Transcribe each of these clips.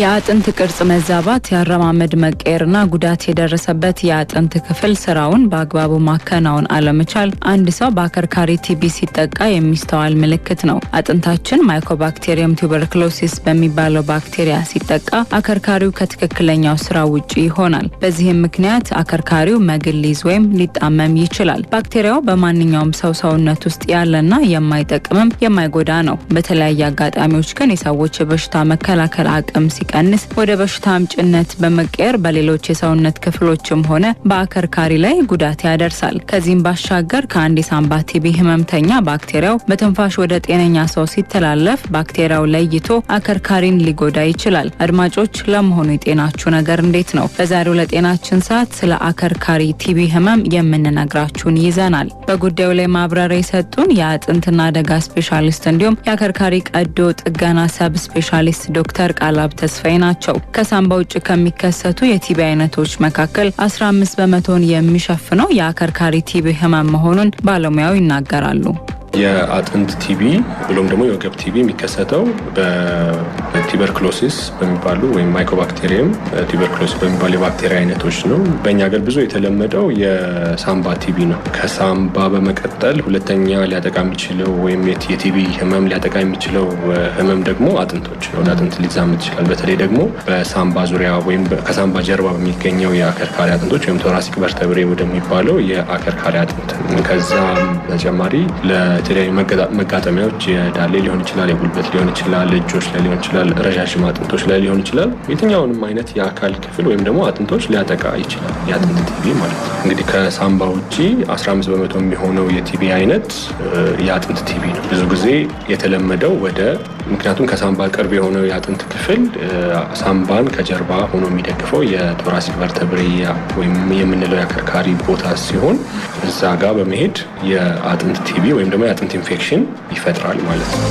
የአጥንት ቅርጽ መዛባት፣ የአረማመድ መቀየርና ጉዳት የደረሰበት የአጥንት ክፍል ስራውን በአግባቡ ማከናወን አለመቻል አንድ ሰው በአከርካሪ ቲቢ ሲጠቃ የሚስተዋል ምልክት ነው። አጥንታችን ማይኮባክቴሪየም ቱበርክሎሲስ በሚባለው ባክቴሪያ ሲጠቃ አከርካሪው ከትክክለኛው ስራ ውጪ ይሆናል። በዚህም ምክንያት አከርካሪው መግል ሊይዝ ወይም ሊጣመም ይችላል። ባክቴሪያው በማንኛውም ሰው ሰውነት ውስጥ ያለና የማይጠቅምም የማይጎዳ ነው። በተለያየ አጋጣሚዎች ግን የሰዎች የበሽታ መከላከል አቅም ሲ ሲቀንስ ወደ በሽታ አምጭነት በመቀየር በሌሎች የሰውነት ክፍሎችም ሆነ በአከርካሪ ላይ ጉዳት ያደርሳል። ከዚህም ባሻገር ከአንድ የሳምባ ቲቢ ህመምተኛ ባክቴሪያው በትንፋሽ ወደ ጤነኛ ሰው ሲተላለፍ ባክቴሪያው ለይቶ አከርካሪን ሊጎዳ ይችላል። አድማጮች፣ ለመሆኑ የጤናችሁ ነገር እንዴት ነው? በዛሬው ለጤናችን ሰዓት ስለ አከርካሪ ቲቢ ህመም የምንነግራችሁን ይዘናል። በጉዳዩ ላይ ማብራሪያ የሰጡን የአጥንትና አደጋ ስፔሻሊስት እንዲሁም የአከርካሪ ቀዶ ጥገና ሰብ ስፔሻሊስት ዶክተር ቃላብ ተስፋ ተስፋዬ ናቸው። ከሳምባ ውጭ ከሚከሰቱ የቲቢ አይነቶች መካከል 15 በመቶን የሚሸፍነው የአከርካሪ ቲቢ ህመም መሆኑን ባለሙያው ይናገራሉ። የአጥንት ቲቢ ብሎም ደግሞ የወገብ ቲቢ የሚከሰተው በቲበርክሎሲስ በሚባሉ ወይም ማይኮባክቴሪየም ቱበርክሎሲስ በሚባሉ የባክቴሪያ አይነቶች ነው። በእኛ ሀገር ብዙ የተለመደው የሳምባ ቲቢ ነው። ከሳምባ በመቀጠል ሁለተኛ ሊያጠቃ የሚችለው ወይም የቲቢ ህመም ሊያጠቃ የሚችለው ህመም ደግሞ አጥንቶች ነው። ወደ አጥንት ሊዛመት ይችላል። በተለይ ደግሞ በሳምባ ዙሪያ ወይም ከሳምባ ጀርባ በሚገኘው የአከርካሪ አጥንቶች ወይም ቶራሲክ በርተብሬ ወደሚባለው የአከርካሪ አጥንት ከዛ ተጨማሪ የተለያዩ መጋጠሚያዎች የዳሌ ሊሆን ይችላል፣ የጉልበት ሊሆን ይችላል፣ እጆች ላይ ሊሆን ይችላል፣ ረዣዥም አጥንቶች ላይ ሊሆን ይችላል። የትኛውንም አይነት የአካል ክፍል ወይም ደግሞ አጥንቶች ሊያጠቃ ይችላል የአጥንት ቲቪ ማለት ነው። እንግዲህ ከሳምባ ውጭ 15 በመቶ የሚሆነው የቲቪ አይነት የአጥንት ቲቪ ነው። ብዙ ጊዜ የተለመደው ወደ ምክንያቱም ከሳምባ ቅርብ የሆነው የአጥንት ክፍል ሳምባን ከጀርባ ሆኖ የሚደግፈው የቶራሲክ ቨርተብሬያ ወይም የምንለው የአከርካሪ ቦታ ሲሆን እዛ ጋር በመሄድ የአጥንት ቲቪ ወይም ደግሞ የአጥንት ኢንፌክሽን ይፈጥራል ማለት ነው።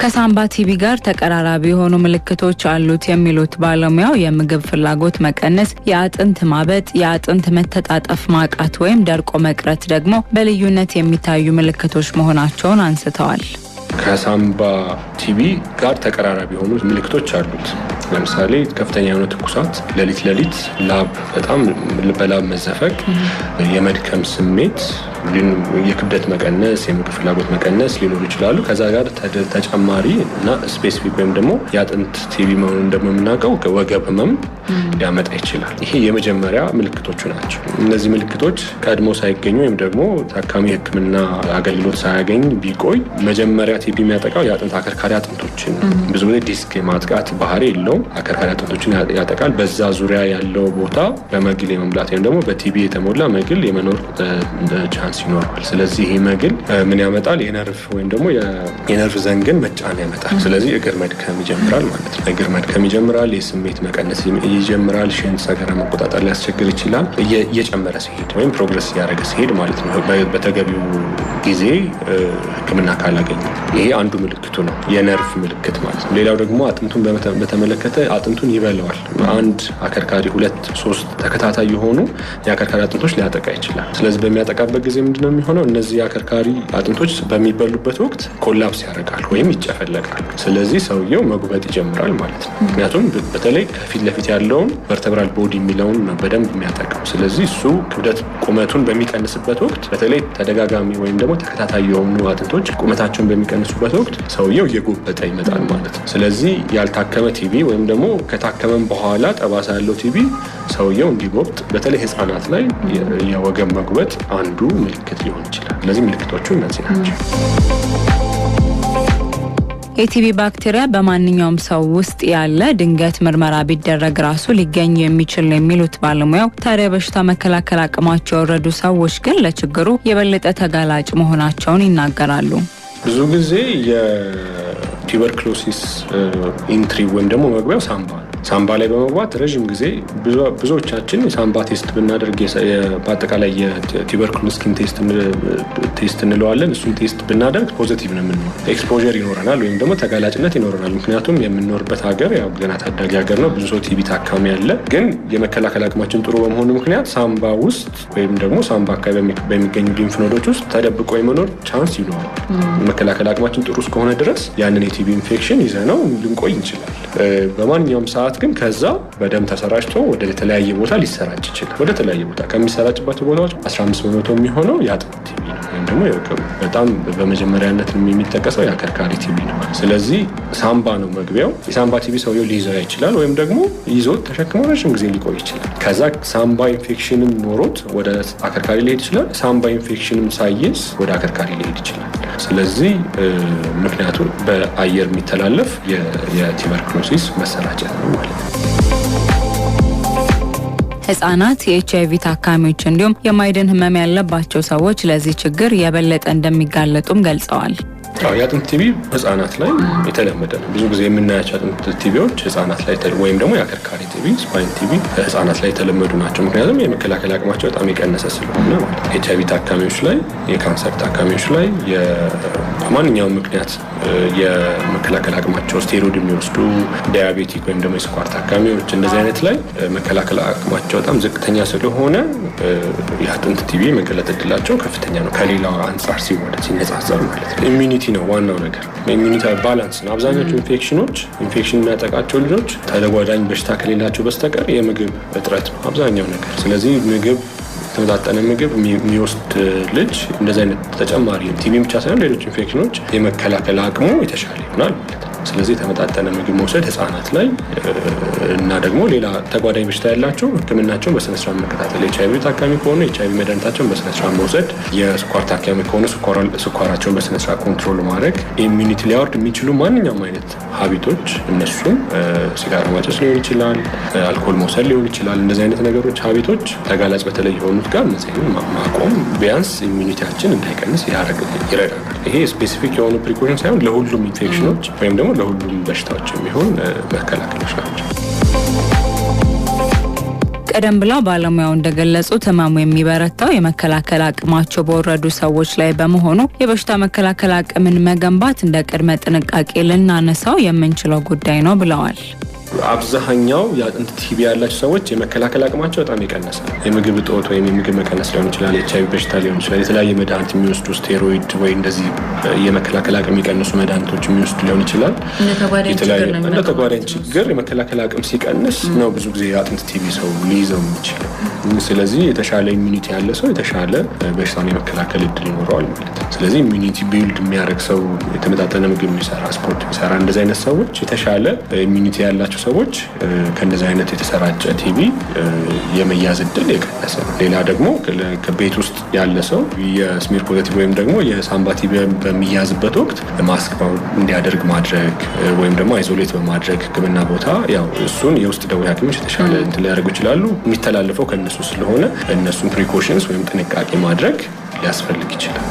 ከሳምባ ቲቪ ጋር ተቀራራቢ የሆኑ ምልክቶች አሉት የሚሉት ባለሙያው የምግብ ፍላጎት መቀነስ፣ የአጥንት ማበጥ፣ የአጥንት መተጣጠፍ ማቃት ወይም ደርቆ መቅረት ደግሞ በልዩነት የሚታዩ ምልክቶች መሆናቸውን አንስተዋል። ከሳምባ ቲቪ ጋር ተቀራራቢ የሆኑ ምልክቶች አሉት። ለምሳሌ ከፍተኛ የሆነ ትኩሳት፣ ሌሊት ሌሊት ላብ፣ በጣም በላብ መዘፈቅ፣ የመድከም ስሜት የክብደት መቀነስ፣ የምግብ ፍላጎት መቀነስ ሊኖሩ ይችላሉ። ከዛ ጋር ተጨማሪ እና ስፔሲፊክ ወይም ደግሞ የአጥንት ቲቪ መሆኑን የምናውቀው ወገብ ህመም ሊያመጣ ይችላል። ይሄ የመጀመሪያ ምልክቶቹ ናቸው። እነዚህ ምልክቶች ቀድሞ ሳይገኙ ወይም ደግሞ ታካሚ ህክምና አገልግሎት ሳያገኝ ቢቆይ መጀመሪያ ቲቪ የሚያጠቃው የአጥንት አከርካሪ አጥንቶችን ብዙ ጊዜ ዲስክ ማጥቃት ባህሪ የለውም። አከርካሪ አጥንቶችን ያጠቃል። በዛ ዙሪያ ያለው ቦታ በመግል የመሙላት ወይም ደግሞ በቲቪ የተሞላ መግል የመኖር ቻንስ መቀነስ ይኖረዋል። ስለዚህ ይህ መግል ምን ያመጣል? የነርፍ ወይም ደግሞ የነርፍ ዘንግን መጫን ያመጣል። ስለዚህ እግር መድከም ይጀምራል ማለት ነው። እግር መድከም ይጀምራል፣ የስሜት መቀነስ ይጀምራል። ሽንት፣ ሰገራ መቆጣጠር ሊያስቸግር ይችላል። እየጨመረ ሲሄድ ወይም ፕሮግረስ እያደረገ ሲሄድ ማለት ነው በተገቢው ጊዜ ሕክምና ካላገኘ ይሄ አንዱ ምልክቱ ነው፣ የነርፍ ምልክት ማለት ነው። ሌላው ደግሞ አጥንቱን በተመለከተ አጥንቱን ይበለዋል። አንድ አከርካሪ ሁለት ሶስት ተከታታይ የሆኑ የአከርካሪ አጥንቶች ሊያጠቃ ይችላል። ስለዚህ በሚያጠቃበት ጊዜ ጊዜ ምንድነው የሚሆነው? እነዚህ አከርካሪ አጥንቶች በሚበሉበት ወቅት ኮላፕስ ያደርጋል ወይም ይጨፈለቃል። ስለዚህ ሰውየው መጉበጥ ይጀምራል ማለት ነው። ምክንያቱም በተለይ ከፊት ለፊት ያለውን ቨርተብራል ቦዲ የሚለውን ነው በደንብ የሚያጠቃው። ስለዚህ እሱ ክብደት ቁመቱን በሚቀንስበት ወቅት በተለይ ተደጋጋሚ ወይም ደግሞ ተከታታይ የሆኑ አጥንቶች ቁመታቸውን በሚቀንሱበት ወቅት ሰውየው እየጎበጠ ይመጣል ማለት ነው። ስለዚህ ያልታከመ ቲቪ ወይም ደግሞ ከታከመም በኋላ ጠባሳ ያለው ቲቪ ሰውየው እንዲጎብጥ በተለይ ህፃናት ላይ የወገብ መጉበት አንዱ ምልክት ሊሆን ይችላል። እነዚህ ምልክቶቹ እነዚህ ናቸው። ኤቲቪ ባክቴሪያ በማንኛውም ሰው ውስጥ ያለ ድንገት ምርመራ ቢደረግ ራሱ ሊገኝ የሚችል ነው የሚሉት ባለሙያው፣ ታዲያ በሽታ መከላከል አቅማቸው የወረዱ ሰዎች ግን ለችግሩ የበለጠ ተጋላጭ መሆናቸውን ይናገራሉ። ብዙ ጊዜ የቱበርክሎሲስ ኢንትሪ ወይም ደግሞ መግቢያው ሳምባ ነው። ሳምባ ላይ በመግባት ረዥም ጊዜ ብዙዎቻችን የሳምባ ቴስት ብናደርግ በአጠቃላይ የቲበርክሎስኪን ቴስት እንለዋለን። እሱን ቴስት ብናደርግ ፖዘቲቭ ነው የምንኖር ኤክስፖር ይኖረናል ወይም ደግሞ ተጋላጭነት ይኖረናል። ምክንያቱም የምንኖርበት ሀገር ያው ገና ታዳጊ ሀገር ነው፣ ብዙ ሰው ቲቪ ታካሚ ያለ። ግን የመከላከል አቅማችን ጥሩ በመሆኑ ምክንያት ሳምባ ውስጥ ወይም ደግሞ ሳምባ አካባቢ በሚገኙ ሊምፍ ኖዶች ውስጥ ተደብቆ የመኖር ቻንስ ይኖራል። መከላከል አቅማችን ጥሩ እስከሆነ ድረስ ያንን የቲቪ ኢንፌክሽን ይዘነው ልንቆይ እንችላል በማንኛውም ሰዓት ሰዓት ግን ከዛ በደም ተሰራጭቶ ወደ ተለያየ ቦታ ሊሰራጭ ይችላል። ወደ ተለያየ ቦታ ከሚሰራጭባቸው ቦታዎች 15 በመቶ የሚሆነው የአጥንት ቲቪ ነው። ወይም ደግሞ በጣም በመጀመሪያነት የሚጠቀሰው የአከርካሪ ቲቪ ነው። ስለዚህ ሳምባ ነው መግቢያው። የሳምባ ቲቪ ሰውየው ሊይዘው ይችላል፣ ወይም ደግሞ ይዞት ተሸክሞ ረዥም ጊዜ ሊቆይ ይችላል። ከዛ ሳምባ ኢንፌክሽንም ኖሮት ወደ አከርካሪ ሊሄድ ይችላል። ሳምባ ኢንፌክሽንም ሳይዝ ወደ አከርካሪ ሊሄድ ይችላል። ስለዚህ ምክንያቱም በአየር የሚተላለፍ የቲበርክሎሲስ መሰራጨት ነው ማለት ነው። ህጻናት፣ የኤች አይቪ ታካሚዎች እንዲሁም የማይድን ህመም ያለባቸው ሰዎች ለዚህ ችግር የበለጠ እንደሚጋለጡም ገልጸዋል። የአጥንት ቲቪ ህጻናት ላይ የተለመደ ነው። ብዙ ጊዜ የምናያቸው አጥንት ቲቪዎች ህጻናት ላይ ወይም ደግሞ የአከርካሪ ቲቪ፣ ስፓይን ቲቪ ህጻናት ላይ የተለመዱ ናቸው። ምክንያቱም የመከላከል አቅማቸው በጣም የቀነሰ ስለሆነ ማለት ኤች አይቪ ታካሚዎች ላይ፣ የካንሰር ታካሚዎች ላይ በማንኛውም ምክንያት የመከላከል አቅማቸው ስቴሮድ የሚወስዱ ዳያቤቲክ ወይም ደግሞ የስኳር ታካሚዎች እንደዚህ አይነት ላይ መከላከል አቅማቸው በጣም ዝቅተኛ ስለሆነ የአጥንት ቲቪ መገለጥ እድላቸው ከፍተኛ ነው። ከሌላው አንጻር ሲወደ ሲነጻጸር ማለት ነው። ኢሚኒቲ ነው ዋናው ነገር ኢሚኒቲ ባላንስ ነው። አብዛኞቹ ኢንፌክሽኖች ኢንፌክሽን የሚያጠቃቸው ልጆች ተደጓዳኝ በሽታ ከሌላቸው በስተቀር የምግብ እጥረት ነው አብዛኛው ነገር። ስለዚህ ምግብ የተመጣጠነ ምግብ የሚወስድ ልጅ እንደዚህ አይነት ተጨማሪ ቲቪ ብቻ ሳይሆን ሌሎች ኢንፌክሽኖች የመከላከል አቅሙ የተሻለ ይሆናል ማለት ነው። ስለዚህ የተመጣጠነ ምግብ መውሰድ ህጻናት ላይ እና ደግሞ ሌላ ተጓዳኝ በሽታ ያላቸው ህክምናቸውን በስነስርዓት መከታተል፣ ኤች አይቪ ታካሚ ከሆኑ ኤች አይቪ መድኃኒታቸውን በስነስርዓት መውሰድ፣ የስኳር ታካሚ ከሆኑ ስኳራቸውን በስነስርዓት ኮንትሮል ማድረግ፣ ኢሚኒቲ ሊያወርድ የሚችሉ ማንኛውም አይነት ሀቢቶች እነሱም ሲጋራ ማጨስ ሊሆን ይችላል፣ አልኮል መውሰድ ሊሆን ይችላል። እንደዚህ አይነት ነገሮች ሀቢቶች ተጋላጭ በተለይ የሆኑት ጋር እነዚህ ማቆም ቢያንስ ኢሚኒቲያችን እንዳይቀንስ ይረዳል። ይሄ ስፔሲፊክ የሆኑ ፕሪኮሽን ሳይሆን ለሁሉም ኢንፌክሽኖች ወይም ደግሞ ለሁሉም በሽታዎች የሚሆን መከላከሎች ናቸው። ቀደም ብላ ባለሙያው እንደገለጹት ህመሙ የሚበረታው የመከላከል አቅማቸው በወረዱ ሰዎች ላይ በመሆኑ የበሽታ መከላከል አቅምን መገንባት እንደ ቅድመ ጥንቃቄ ልናነሳው የምንችለው ጉዳይ ነው ብለዋል። አብዛኛው የአጥንት ቲቢ ያላቸው ሰዎች የመከላከል አቅማቸው በጣም ይቀነሰ። የምግብ እጦት ወይም የምግብ መቀነስ ሊሆን ይችላል፣ ኤች አይቪ በሽታ ሊሆን ይችላል፣ የተለያየ መድኃኒት የሚወስዱ ስቴሮይድ ወይ እንደዚህ የመከላከል አቅም የሚቀንሱ መድኃኒቶች የሚወስዱ ሊሆን ይችላል። እንደ ተጓዳኝ ችግር የመከላከል አቅም ሲቀንስ ነው ብዙ ጊዜ የአጥንት ቲቢ ሰው ሊይዘው የሚችል። ስለዚህ የተሻለ ኢሚኒቲ ያለ ሰው የተሻለ በሽታን የመከላከል እድል ይኖረዋል ማለት ነው። ስለዚህ ኢሚኒቲ ቢልድ የሚያደርግ ሰው የተመጣጠነ ምግብ የሚሰራ ስፖርት የሚሰራ እንደዚህ አይነት ሰዎች የተሻለ ኢሚኒቲ ያላቸው ሰዎች ከእንደዚህ አይነት የተሰራጨ ቲቪ የመያዝ እድል የቀነሰ ነው። ሌላ ደግሞ ከቤት ውስጥ ያለ ሰው የስሚር ፖዘቲቭ ወይም ደግሞ የሳምባ ቲቪ በሚያዝበት ወቅት ማስክ እንዲያደርግ ማድረግ ወይም ደግሞ አይዞሌት በማድረግ ሕክምና ቦታ ያው እሱን የውስጥ ደዌ ሐኪሞች የተሻለ እንትን ሊያደርጉ ይችላሉ። የሚተላለፈው ከእነሱ ስለሆነ እነሱን ፕሪኮሽንስ ወይም ጥንቃቄ ማድረግ ሊያስፈልግ ይችላል።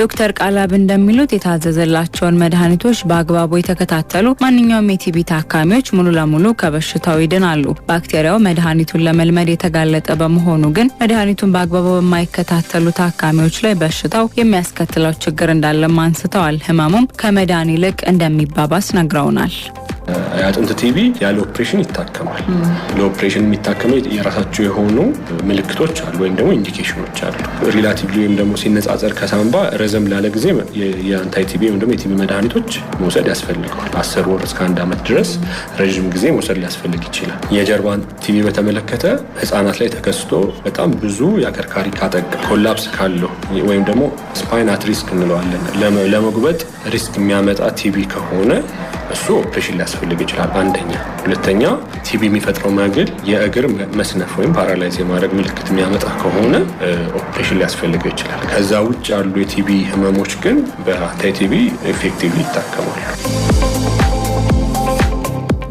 ዶክተር ቃላብ እንደሚሉት የታዘዘላቸውን መድኃኒቶች በአግባቡ የተከታተሉ ማንኛውም የቲቢ ታካሚዎች ሙሉ ለሙሉ ከበሽታው ይድናሉ። ባክቴሪያው መድኃኒቱን ለመልመድ የተጋለጠ በመሆኑ ግን መድኃኒቱን በአግባቡ በማይከታተሉ ታካሚዎች ላይ በሽታው የሚያስከትለው ችግር እንዳለም አንስተዋል። ህመሙም ከመዳን ይልቅ እንደሚባባስ ነግረውናል። የአጥንት ቲቪ ያለ ኦፕሬሽን ይታከማል። ለኦፕሬሽን የሚታከመው የራሳቸው የሆኑ ምልክቶች አሉ ወይም ደግሞ ኢንዲኬሽኖች አሉ። ሪላቲቭ ወይም ደግሞ ሲነጻጸር ከሳምባ ረዘም ላለ ጊዜ የአንታይ ቲቪ ወይም ደግሞ የቲቪ መድኃኒቶች መውሰድ ያስፈልገዋል። አስር ወር እስከ አንድ ዓመት ድረስ ረዥም ጊዜ መውሰድ ሊያስፈልግ ይችላል። የጀርባን ቲቪ በተመለከተ ህጻናት ላይ ተከስቶ በጣም ብዙ የአከርካሪ ካጠቅ ኮላፕስ ካለው ወይም ደግሞ ስፓይናት ሪስክ እንለዋለን ለመጉበጥ ሪስክ የሚያመጣ ቲቪ ከሆነ እሱ ኦፕሬሽን ሊያስፈልግ ይችላል። አንደኛ። ሁለተኛ ቲቪ የሚፈጥረው መግል የእግር መስነፍ ወይም ፓራላይዝ የማድረግ ምልክት የሚያመጣ ከሆነ ኦፕሬሽን ሊያስፈልገ ይችላል። ከዛ ውጭ ያሉ የቲቪ ህመሞች ግን በአታይ ቲቪ ኤፌክቲቭ ይታከማሉ።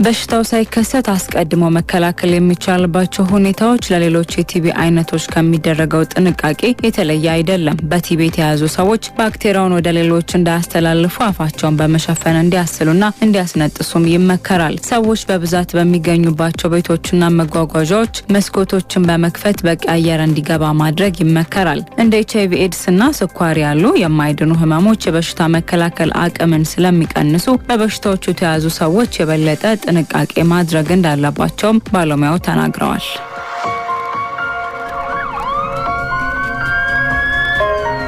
በሽታው ሳይከሰት አስቀድሞ መከላከል የሚቻልባቸው ሁኔታዎች ለሌሎች የቲቢ አይነቶች ከሚደረገው ጥንቃቄ የተለየ አይደለም። በቲቢ የተያዙ ሰዎች ባክቴሪያውን ወደ ሌሎች እንዳያስተላልፉ አፋቸውን በመሸፈን እንዲያስሉና እንዲያስነጥሱም ይመከራል። ሰዎች በብዛት በሚገኙባቸው ቤቶችና መጓጓዣዎች መስኮቶችን በመክፈት በቂ አየር እንዲገባ ማድረግ ይመከራል። እንደ ኤች አይቪ ኤድስና ስኳር ያሉ የማይድኑ ህመሞች የበሽታ መከላከል አቅምን ስለሚቀንሱ በበሽታዎቹ የተያዙ ሰዎች የበለጠ ጥንቃቄ ማድረግ እንዳለባቸውም ባለሙያው ተናግረዋል።